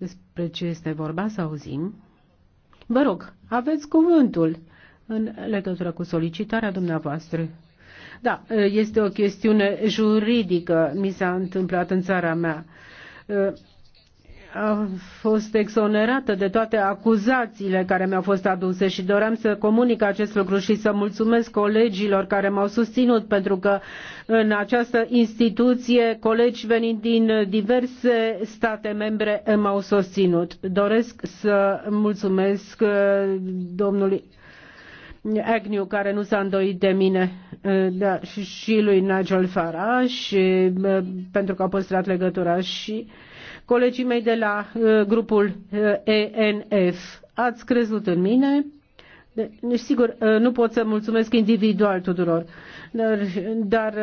despre ce este vorba, să auzim. Vă rog, aveți cuvântul în legătură cu solicitarea dumneavoastră. Da, este o chestiune juridică. Mi s-a întâmplat în țara mea a fost exonerată de toate acuzațiile care mi-au fost aduse și doream să comunic acest lucru și să mulțumesc colegilor care m-au susținut pentru că în această instituție colegi venind din diverse state membre m-au susținut. Doresc să mulțumesc uh, domnului Agnew, care nu s-a îndoit de mine, uh, da, și lui Nigel Farage, uh, pentru că au păstrat legătura și uh, colegii mei de la uh, grupul uh, ENF. Ați crezut în mine, deci, sigur, uh, nu pot să mulțumesc individual tuturor, dar, dar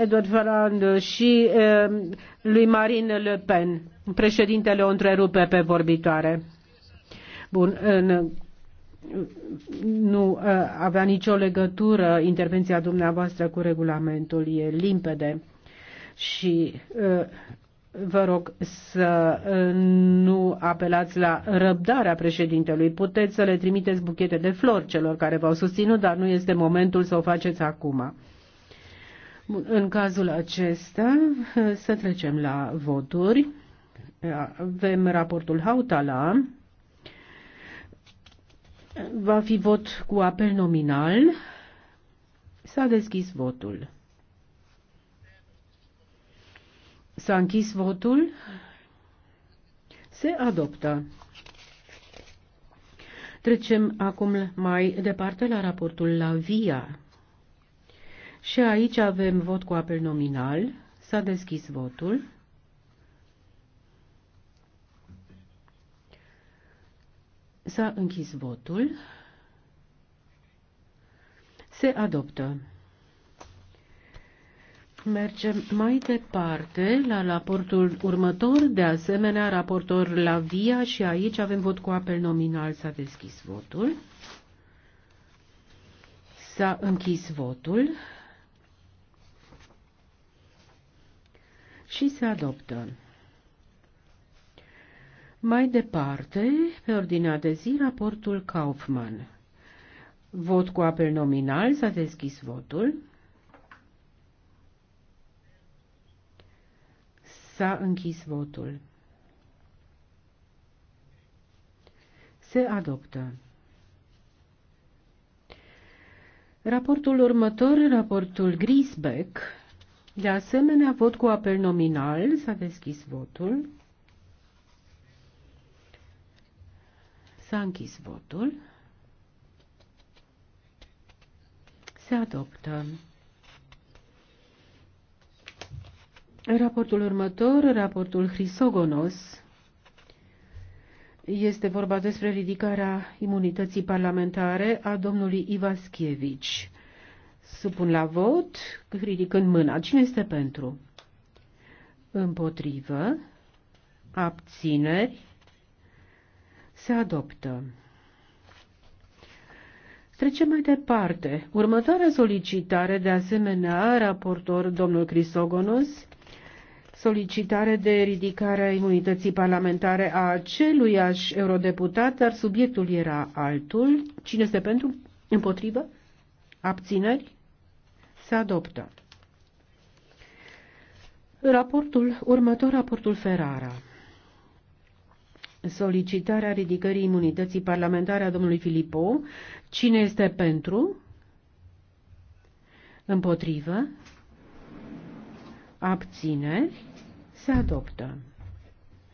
Edward Farand și lui Marine Le Pen, președintele o întrerupe pe vorbitoare. Bun, nu avea nicio legătură intervenția dumneavoastră cu regulamentul, e limpede și vă rog să uh, nu apelați la răbdarea președintelui. Puteți să le trimiteți buchete de flori celor care v-au susținut, dar nu este momentul să o faceți acum. în cazul acesta uh, să trecem la voturi. Avem raportul Hautala. Va fi vot cu apel nominal. S-a deschis votul. S-a închis votul. Se adoptă. Trecem acum mai departe la raportul la VIA. Și aici avem vot cu apel nominal. S-a deschis votul. S-a închis votul. Se adoptă. Mergem mai departe la raportul următor, de asemenea raportor la VIA și aici avem vot cu apel nominal. S-a deschis votul. S-a închis votul. Și se adoptă. Mai departe, pe ordinea de zi, raportul Kaufmann. Vot cu apel nominal, s-a deschis votul. S-a închis votul. Se adoptă. Raportul următor, raportul Grisbeck, de asemenea, vot cu apel nominal, s-a deschis votul. S-a închis votul. Se adoptă. Raportul următor, raportul Hrisogonos, este vorba despre ridicarea imunității parlamentare a domnului Ivaschievici. Supun la vot, ridicând mâna. Cine este pentru? Împotrivă. Abțineri. Se adoptă. Trecem mai departe. Următoarea solicitare, de asemenea, raportor domnul Crisogonos, solicitare de ridicare a imunității parlamentare a aceluiași eurodeputat, dar subiectul era altul. Cine este pentru? Împotrivă? Abțineri? Se adoptă. Raportul următor, raportul Ferrara. Solicitarea ridicării imunității parlamentare a domnului Filipo. Cine este pentru? Împotrivă? Abțineri? Se adoptă.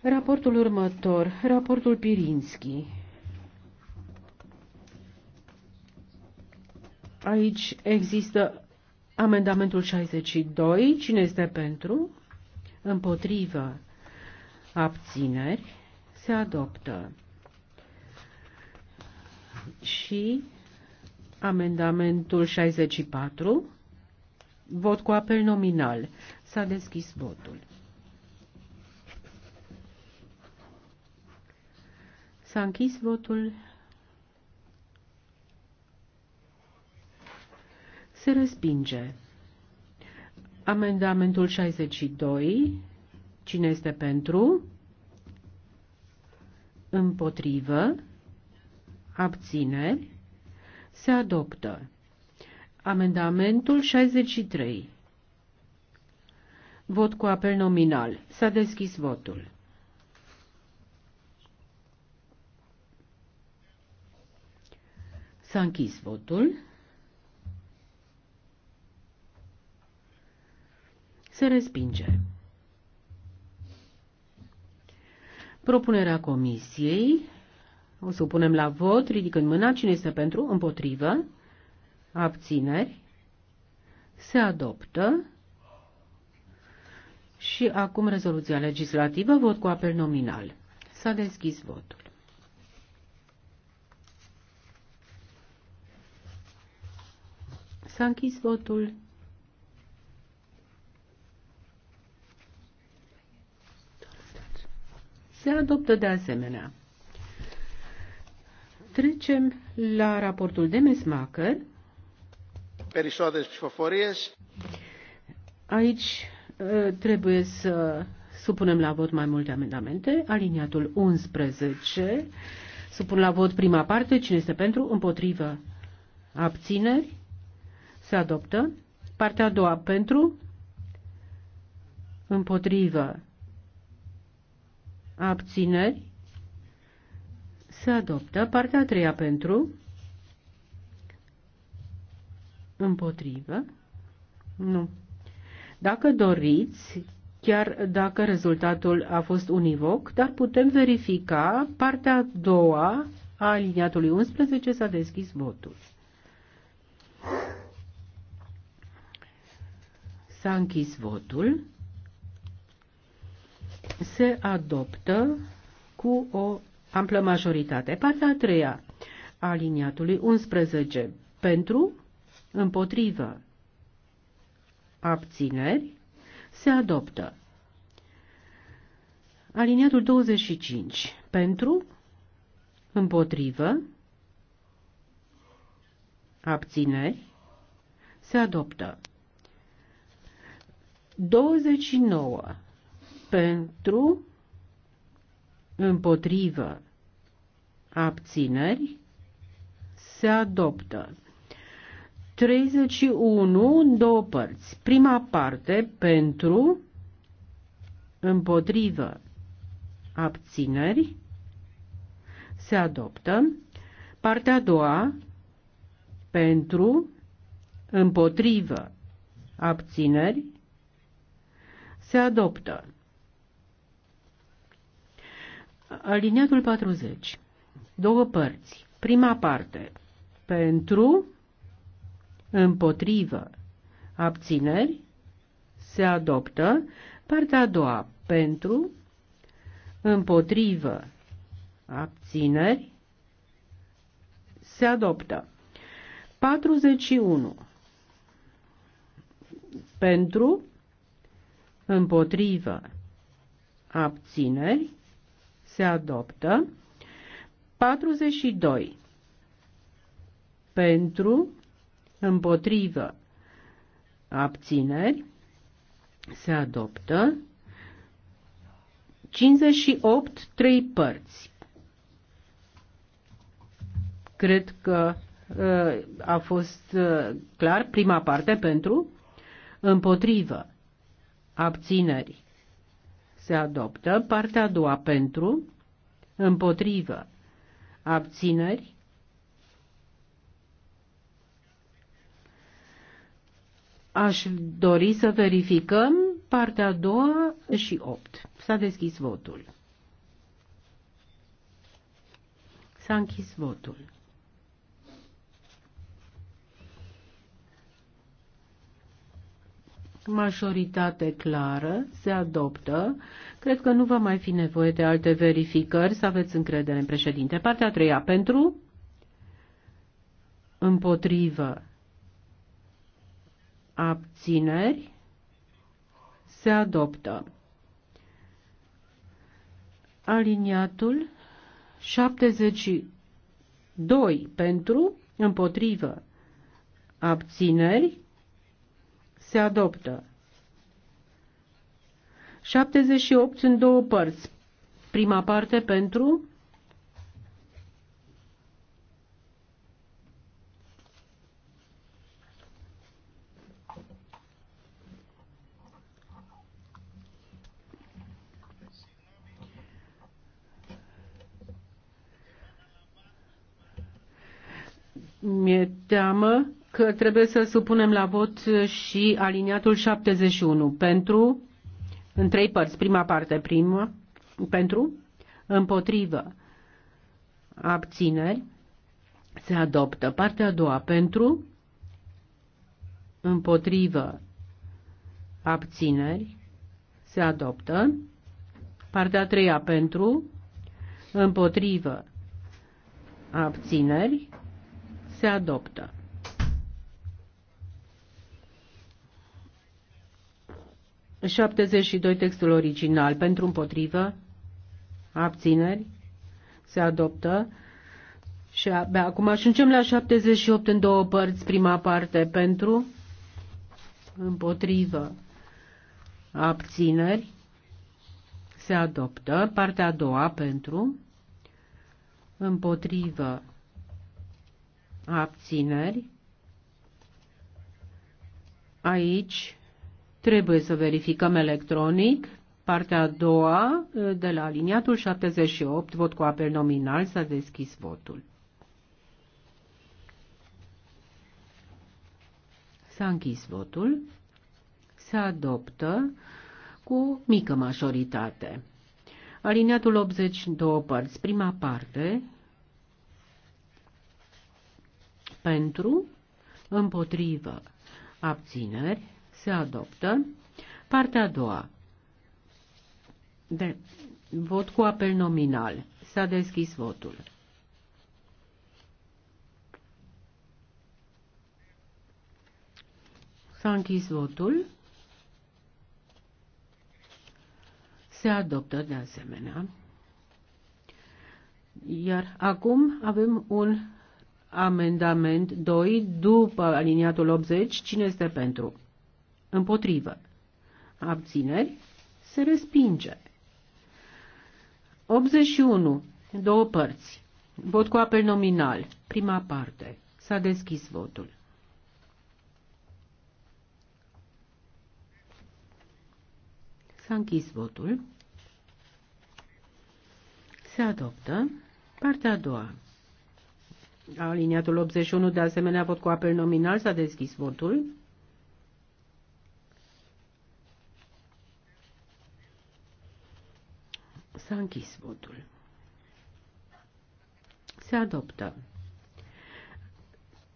Raportul următor, raportul Pirinski. Aici există amendamentul 62. Cine este pentru? Împotrivă. Abțineri. Se adoptă. Și amendamentul 64. Vot cu apel nominal. S-a deschis votul. S-a închis votul. Se respinge. Amendamentul 62. Cine este pentru? Împotrivă. Abțineri. Se adoptă. Amendamentul 63. Vot cu apel nominal. S-a deschis votul. S-a închis votul. Se respinge. Propunerea comisiei. O să o punem la vot, ridicând mâna. Cine este pentru? Împotrivă. Abțineri. Se adoptă. Și acum rezoluția legislativă, vot cu apel nominal. S-a deschis votul. S-a închis votul. Se adoptă de asemenea. Trecem la raportul de mesmacăr. Perisoades psifofories. Aici ă, trebuie să supunem la vot mai multe amendamente. Aliniatul 11. Supun la vot prima parte. Cine este pentru? Împotrivă. Abțineri. Se adoptă. Partea a doua pentru, împotrivă, abțineri. Se adoptă. Partea a treia pentru, împotrivă. Nu. Dacă doriți, chiar dacă rezultatul a fost univoc, dar putem verifica partea a doua a aliniatului 11 s-a deschis votul. S-a închis votul. Se adoptă cu o amplă majoritate. Partea a treia a aliniatului 11. Pentru, împotrivă, abțineri, se adoptă. Aliniatul 25. Pentru, împotrivă, abțineri, se adoptă. 29 pentru, împotrivă, abțineri, se adoptă. 31 în două părți. Prima parte pentru, împotrivă, abțineri, se adoptă. Partea a doua pentru, împotrivă, abțineri, se adoptă. Aliniatul 40. Două părți. Prima parte. Pentru, împotrivă, abțineri, se adoptă. Partea a doua. Pentru, împotrivă, abțineri, se adoptă. 41. Pentru, împotrivă, abțineri, se adoptă. 42. Pentru, împotrivă, abțineri, se adoptă. 58, trei părți. Cred că uh, a fost uh, clar prima parte pentru, împotrivă, abțineri. Se adoptă partea a doua pentru, împotrivă, abțineri. Aș dori să verificăm partea a doua și opt. S-a deschis votul. S-a închis votul. majoritate clară, se adoptă. Cred că nu va mai fi nevoie de alte verificări, să aveți încredere în președinte. Partea a treia, pentru, împotrivă, abțineri, se adoptă. Aliniatul 72 pentru, împotrivă, abțineri, se adoptă. 78 în două părți. Prima parte pentru mi-e teamă că trebuie să supunem la vot și aliniatul 71 pentru, în trei părți, prima parte, primă, pentru, împotrivă, abțineri, se adoptă. Partea a doua, pentru, împotrivă, abțineri, se adoptă. Partea a treia, pentru, împotrivă, abțineri, se adoptă. 72 textul original pentru împotrivă, abțineri, se adoptă. Și abia acum ajungem la 78 în două părți, prima parte pentru, împotrivă, abțineri, se adoptă. Partea a doua pentru, împotrivă, abțineri. Aici Trebuie să verificăm electronic. Partea a doua, eh, de la aliniatul 78, vot cu apel nominal, s-a deschis votul. S-a închis votul. Se adoptă cu mică majoritate. Aliniatul 82 părți, prima parte, pentru, împotrivă, abțineri, se adoptă. Partea a doua. De vot cu apel nominal. S-a deschis votul. S-a închis votul. Se adoptă de asemenea. Iar acum avem un amendament 2 după aliniatul 80. Cine este pentru? Împotrivă. Abțineri. Se respinge. 81. Două părți. Vot cu apel nominal. Prima parte. S-a deschis votul. S-a închis votul. Se adoptă. Partea a doua. Aliniatul 81, de asemenea, vot cu apel nominal, s-a deschis votul. S-a închis votul. Se adoptă.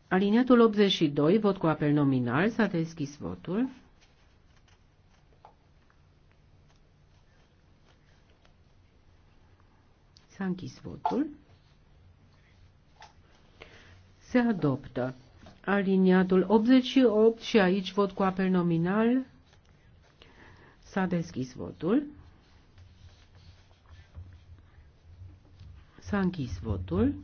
Aliniatul 82, vot cu apel nominal, s-a deschis votul. S-a închis votul. Se adoptă. Aliniatul 88 și aici vot cu apel nominal. S-a deschis votul. S-a închis votul.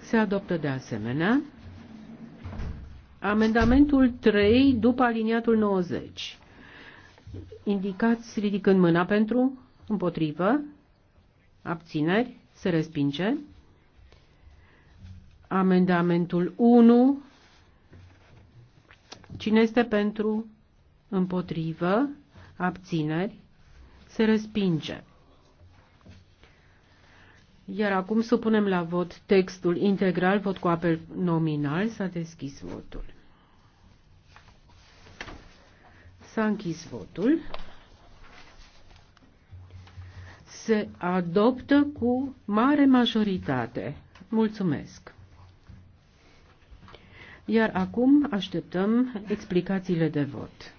Se adoptă de asemenea amendamentul 3 după aliniatul 90. Indicați ridicând mâna pentru, împotrivă, abțineri, se respinge. Amendamentul 1. Cine este pentru, împotrivă, abțineri, se respinge. Iar acum supunem la vot textul integral, vot cu apel nominal, s-a deschis votul. S-a închis votul. Se adoptă cu mare majoritate. Mulțumesc. Iar acum așteptăm explicațiile de vot.